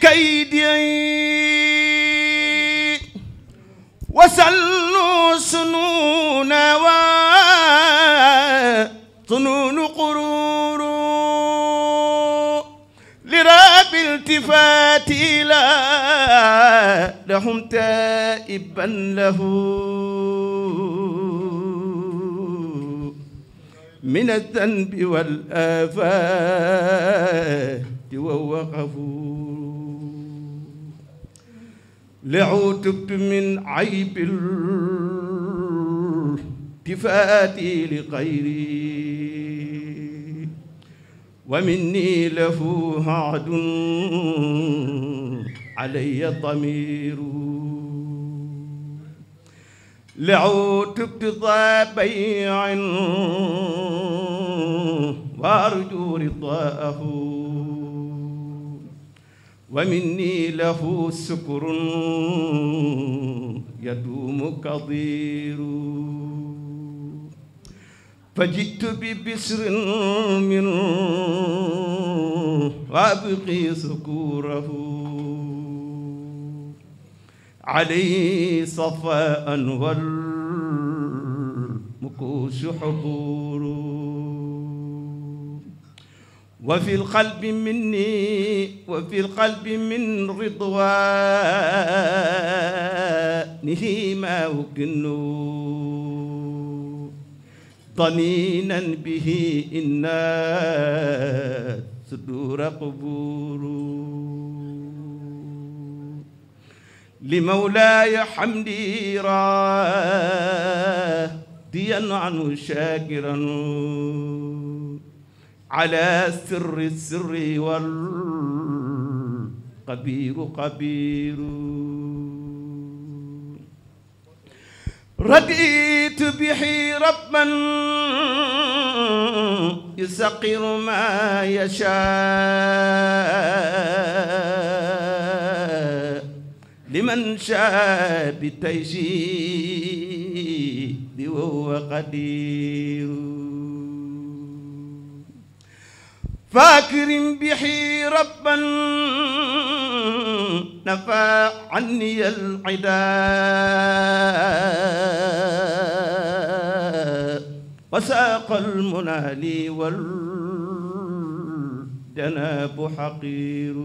كيدي وسلوا سنون وطنون قرور لراب التفات إلى لهم تائبا له من الذنب والآفات ووقفوا لعوتبت من عيب التفاتي لغيري ومني له عد علي ضمير لعوتبت ضا بيع وارجو رضاءه wa minni lahu sukrun yaduumu kadiru fajitu bi bisrin min wa abqi sukurahu alayhi safaan wal mukuusu xuburu wa fi lqalbi minni wa fi lqalbi min ridwanihi ma ukinnu daninan bihi inna sudura quburu li mawlaya hamdi radiyan anhu shakiran ala sirri sirri wal xabiiru xabiiru raditu bihi rabban yusaqiru ma yasha liman sha bi tayji di wa huwa qadiru فاكرم به ربا نفى عني العداء وساق المنى لي والجناب حقير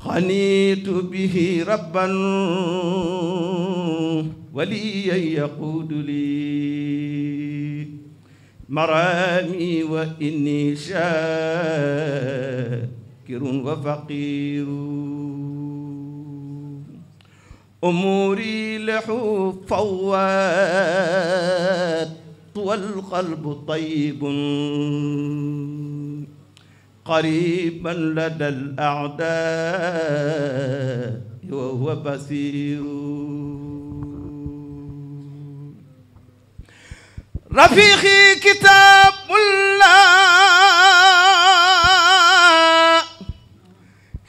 خنيت به ربا وليا يقود لي maraami wa inni shaakirun wa faqiirun umuuri lahu fawwaat wal qalbu tayyibun qariiban ladal a'daa wa huwa basiirun رفيقي كتاب الله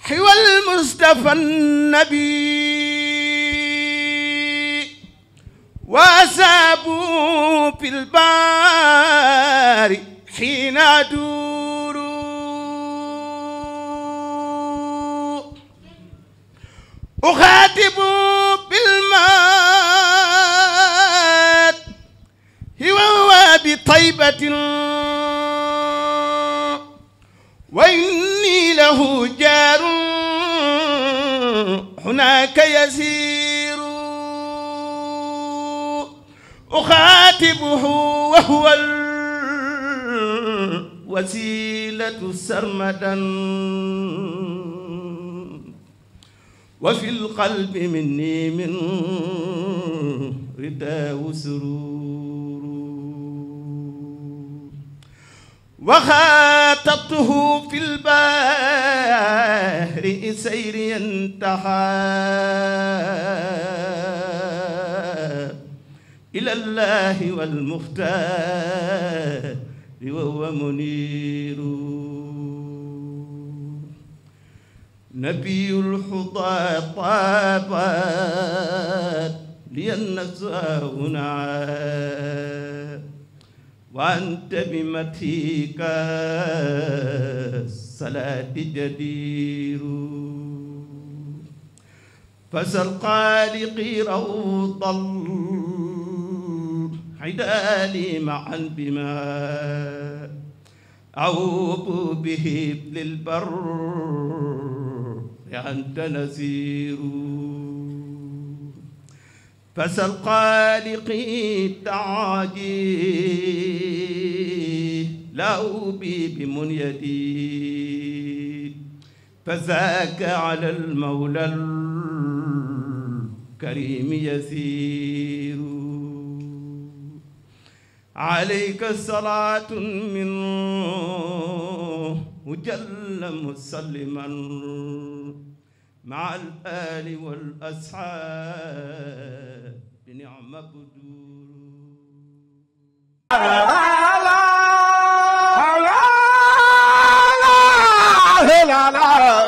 حوى المصطفى النبي وأسابوا في البار حين أدور أخاطبوا طيبة وإني له جار هناك يسير أخاطبه وهو الوسيلة سرمدا وفي القلب مني من رداء سرور وخاطبته في البحر سيري انتهى إلى الله والمختار وهو منير نبي الحضا طابت لي النفس هنا wante bi matika salaati jadiru fasal xaaliqi rawdal xidaali maan bima awbu bihi lilbar anta nasiru fasal xaaliqi taaji law bi bi mun yadi fazaaka ala almawla alkarim yasiru alayka salaatun minhu jalla musalliman maa al aali wal ashaab bi ni'ma budur la la la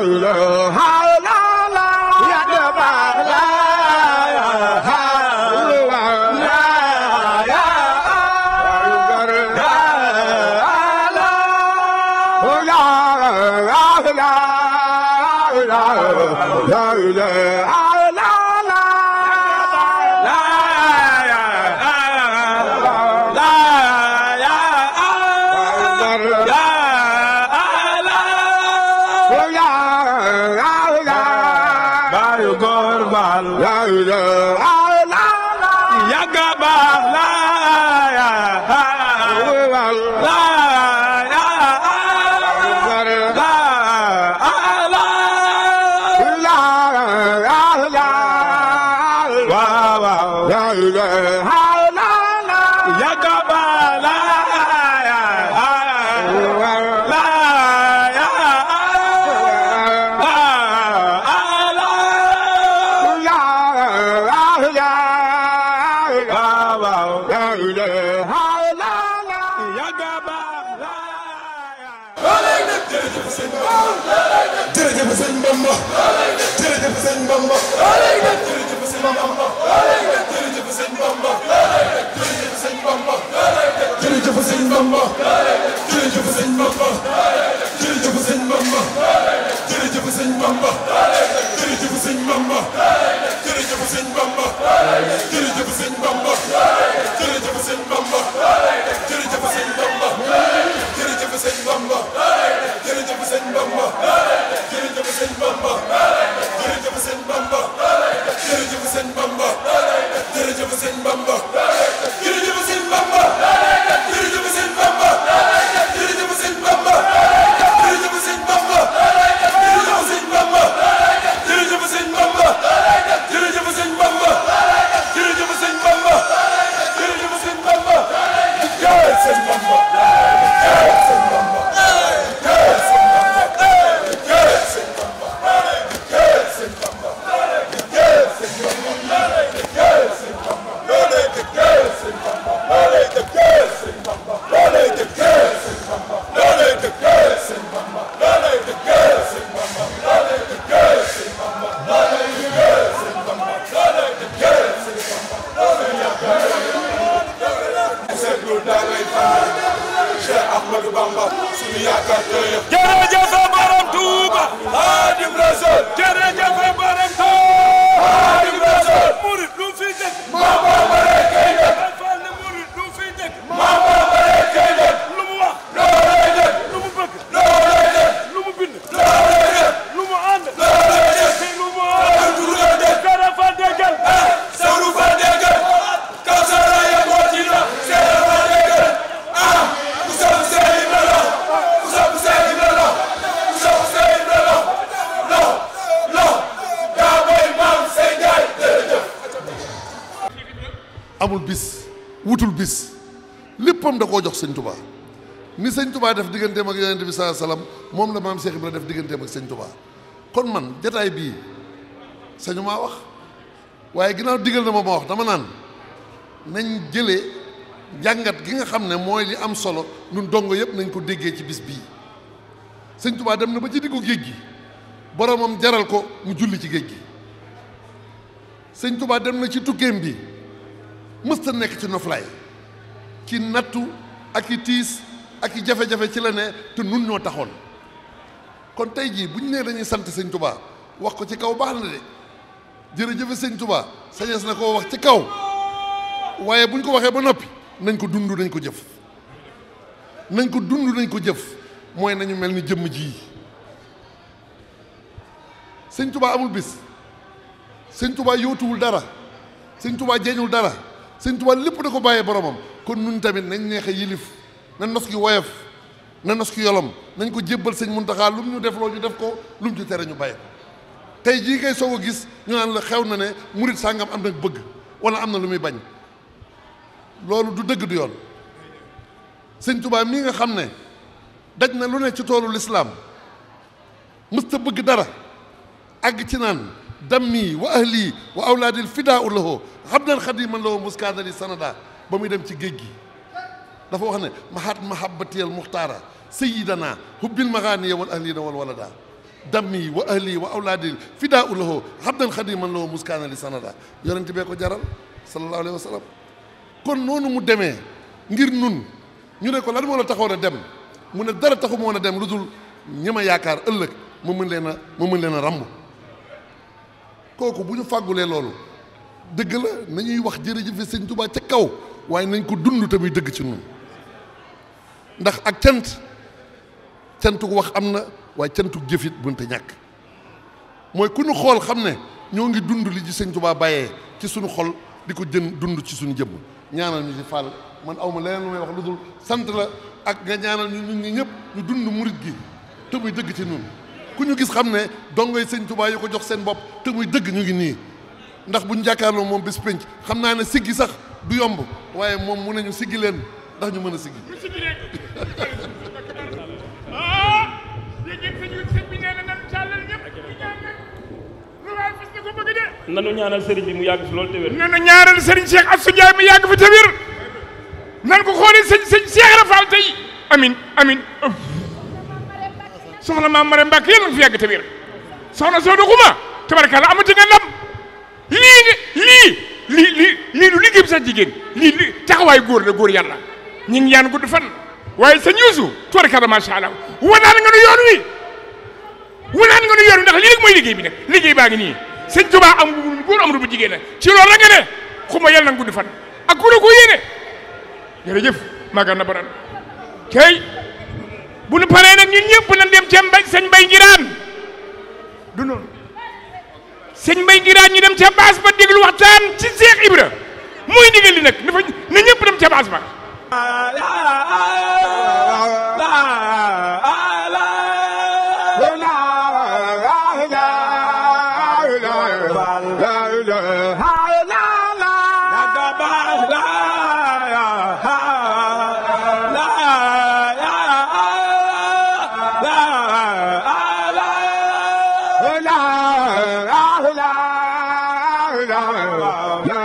الله baayu góor baal yàgga baal Bamba jërëjëf sëñ Bamba jërëjëf sëñ Bamba jërëjëf sëñ Bamba jërëjëf sëñ Bamba jërëjëf sëñ Bamba jërëjëf sëñ Bamba jërëjëf sëñ Bamba jërëjëf sëñ Bamba jërëjëf sëñ Bamba jërëjëf sëñ Bamba jërëjëf sëñ Bamba amul bis wutul bis léppam da koo jox sëñ tubaa ni sëñ tubaa def digganteem ak yonente bi saa salaam moom la maam Cheikh Ibra def digganteem ak sëñ tubaa kon man jataay bii sañu maa wax waaye ginnaaw diggal na ma ma wax dama naan nañ jëlee jàngat gi nga xam ne mooy li am solo ñun dongo yëpp nañ ko déggee ci bis bii sëñ tubaa dem na ba ci diggu géej gi boromam jaral ko mu julli ci géej gi sëñ tubaa dem na ci tukkeem bi mësta nekk ci noflaay ci nattu ak i tiis ak i jafe-jafe ci la ne te nun ñoo taxoon kon tey jii bu ñu nee dañuy sant sëñ tubaa wax ko ci kaw baax na de jërëjëfe sëñ tubaa sañees na koo wax ci kaw waaye bu ñu ko waxee ba noppi nañ ko dund nañ ko jëf nañ ko dund nañ ko jëf mooy nañu mel ni jëmm ji sëñ tubaa amul bis sëñ tubaa yóotuwul dara sëñ tubaa jeeñul dara sëñ Tuubaa lépp da ko bàyyee boromam kon nun tamit nañ neex yilif na nos gi woyof na nos gi yolom nañ ko jébbal sëñ Muntaxaa lu mu ñu def loo ñu def ko lu mu ci tere ñu bàyyi ko tey jii ngay soog a gis ñu naan la xew na ne murit sàngam am na bëgg wala am na lu muy bañ loolu du dëgg du yoon sëñ tubaa mii nga xam ne daj na lu ne ci toolu lislaam mësta bëgg dara àgg ci naan dammi wa ahli wa awlaadi fidaa u lahu abdan xadiman lahu muskaadali sanada ba muy dem ci géej gi dafa wax ne mahat mahabatiyal muxtaara sayidana hubbil maxaaniya wal ahlina wal walada dammi wa ahli wa awlaadi fidaa u lahu abdan xadiman lahu muskaadali sanada yonent bee ko jaral sallallahu alayhi wa sallam kon noonu mu demee ngir nun ñu ne ko lan moo la taxoon a dem mu ne dara taxu moon a dem lu dul ñi ma yaakaar ëllëg ma mën leen a ma mën leen a ramb kooku bu ñu fàggulee loolu dëgg la nañuy wax jërëjëfe sëñ Tuubaa ca kaw waaye nañ ko dund te muy dëgg ci ñun ndax ak cant cantuk wax am na waaye cantuk jëfit te ñàkk mooy ku ñu xool xam ne ñoo ngi dund li ci sëñ Tuubaa bàyyee ci suñu xol di ko jën dund ci suñu jëmm ñaanal ñu ci Fall man aw ma leneen lu may wax lu dul sant la ak nga ñaanal ñu ñun ñi ñëpp ñu dund murit gi te muy dëgg ci ñun ku ñu gis xam ne dongoy sëñ Tuubaa yi ko jox seen bopp te muy dëgg ñu ngi nii ndax bu ñu jàkkaarloo moom bis pénc xam naa ne siggi sax du yomb waaye moom mu nañu siggi leen ndax ñu mën a siggi ah! nanu ñaanal sëriñ bi mu yàgg fi loolu tëwér nanu ñaanal sëriñ Cheikh Assou Ndiaye mu yàgg fi tëwér nan ko xoolee sëñ sëñ Cheikh Rafal tey amin amin soxna maam Mare Mbacke yàlla na fi yàgg te wér soxna Sow doxuma tabarkalla amati nga ndam lii lii lii lii lii lu liggéey bi sax jigéen lii li taxawaay góor la góor yàlla ñu ngi yaan gudd fan waaye sa ñuusu tabarkalla macha allah wanaan nga nu yoon wi wanaan nga nu yoon wi ndax lii rek mooy liggéey bi nag liggéey baa ngi nii sëñ Tuubaa am bu góor amul bu jigéen nag ci loolu la nga ne xuma yàlla gudd fan a ku la ko yéene jërëjëf Maguette Nabarane bu nu paree nag ñun ñëpp nañ dem ca mbay sëñ mbay ngiraan du ñi dem ca baas ba déglu waxtaan ci Cheikh Ibra mooy ndigal li nag na dem ca ba لا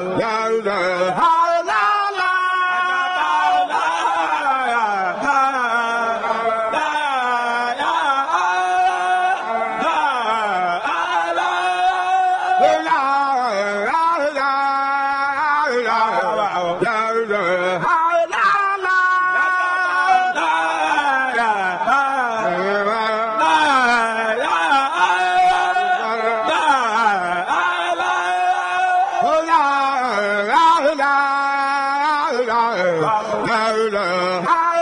la la la la